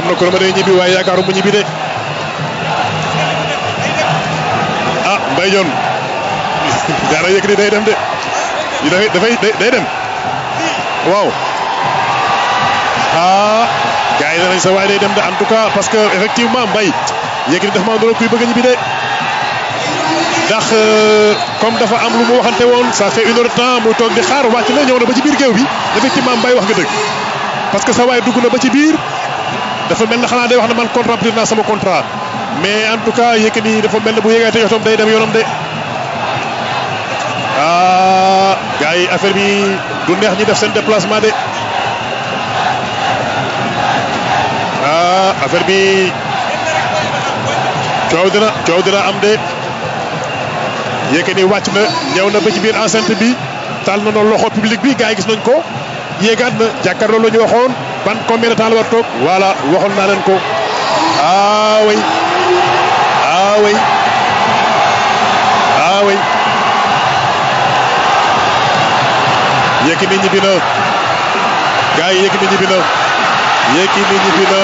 am na kuréel ma day ñibbi waaye yaakaaru mu ñibbi de ah Mbaye Dione jaara day dem de dafay dafay day dem waaw ah gars yi danañ sa waay day dem de en parce que effectivement Mbaye Yékini dafa maa ngi doon kuy bëgg ñibbi de ndax euh, comme dafa am lu mu waxante woon ça fait une heure temps muy toog di xaar wàcc na ñëw na ba ci biir géew bi effectivement Mbaye wax nga dëgg parce que sa dugg na ba ci biir. dafa mel ne xanaa day wax ne man contrat bi naa sama contrat mais en tout cas Yékini dafa mel ne bu yëgaatee yoxtoom day dem yoonam de ah gars yi affaire bi du neex ñi def seen déplacement de ah affaire bi coow dina coow dina am de Yékini wàcc na ñëw na ba ci biir enceinte bi taal na noonu loxo public bi gars yi gis nañ ko. yéegaat na jàkkaarloo la ñu waxoon ban combien de war toog voilà waxoon naa ko ah oui ah oui ah oui ñibbi na gars yi Yékini ñibbi na Yékini ñibbi na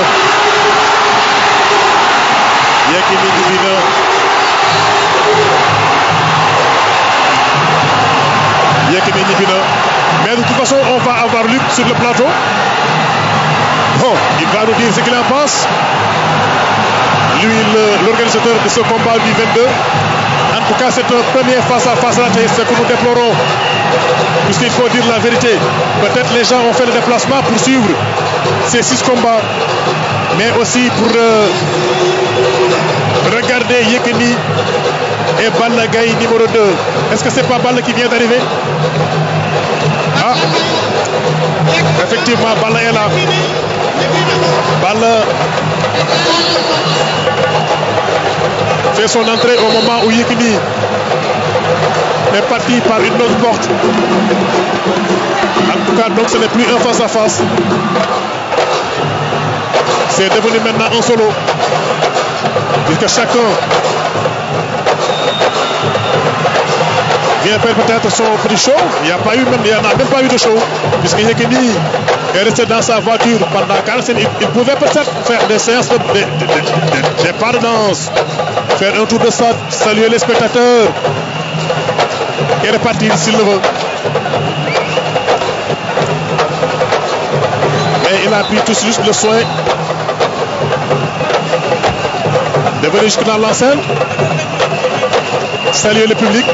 Yékini ñibbi ñibbi na Mais de toute façon, on va avoir lu sur le plateau. Bon, il va nous dire ce qu'il en pense. Lui, l'organisateur de ce combat du 22. En tout cas, c'est un premier face-à-face raté, ce que nous déplorons. Puisqu'il faut dire la vérité, peut-être les gens ont fait le déplacement pour suivre ces six combats, mais aussi pour euh, regarder Yekini et Balla numéro 2. Est-ce que c'est pas Balla qui vient d'arriver Effectivement, Bala est là. fait son entrée au moment où Yekini est parti par une autre porte. En tout cas, donc ce n'est plus un face à face. C'est devenu maintenant un solo. Puisque chacun vient faire peut-être son petit show. Il n'y a pas eu même, il en a même pas eu de show, puisque Yekini est resté dans sa voiture pendant qu'il Il pouvait peut-être faire des séances de, des, de danse, faire un tour de salle saluer les spectateurs et repartir s'il le veut. Mais il a pris tout juste le soin de venir jusque dans l'enceinte, saluer le public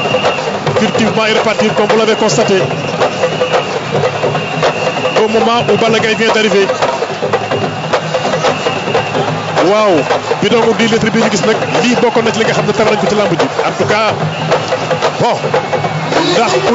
furtivement et repartir comme vous l'avez constaté. Au moment où Balagaï vient d'arriver. waaw bidon donc di litre les tribunes qui sont lii bokkoon na ci les gars, xam ne tar nañ en tout cas bon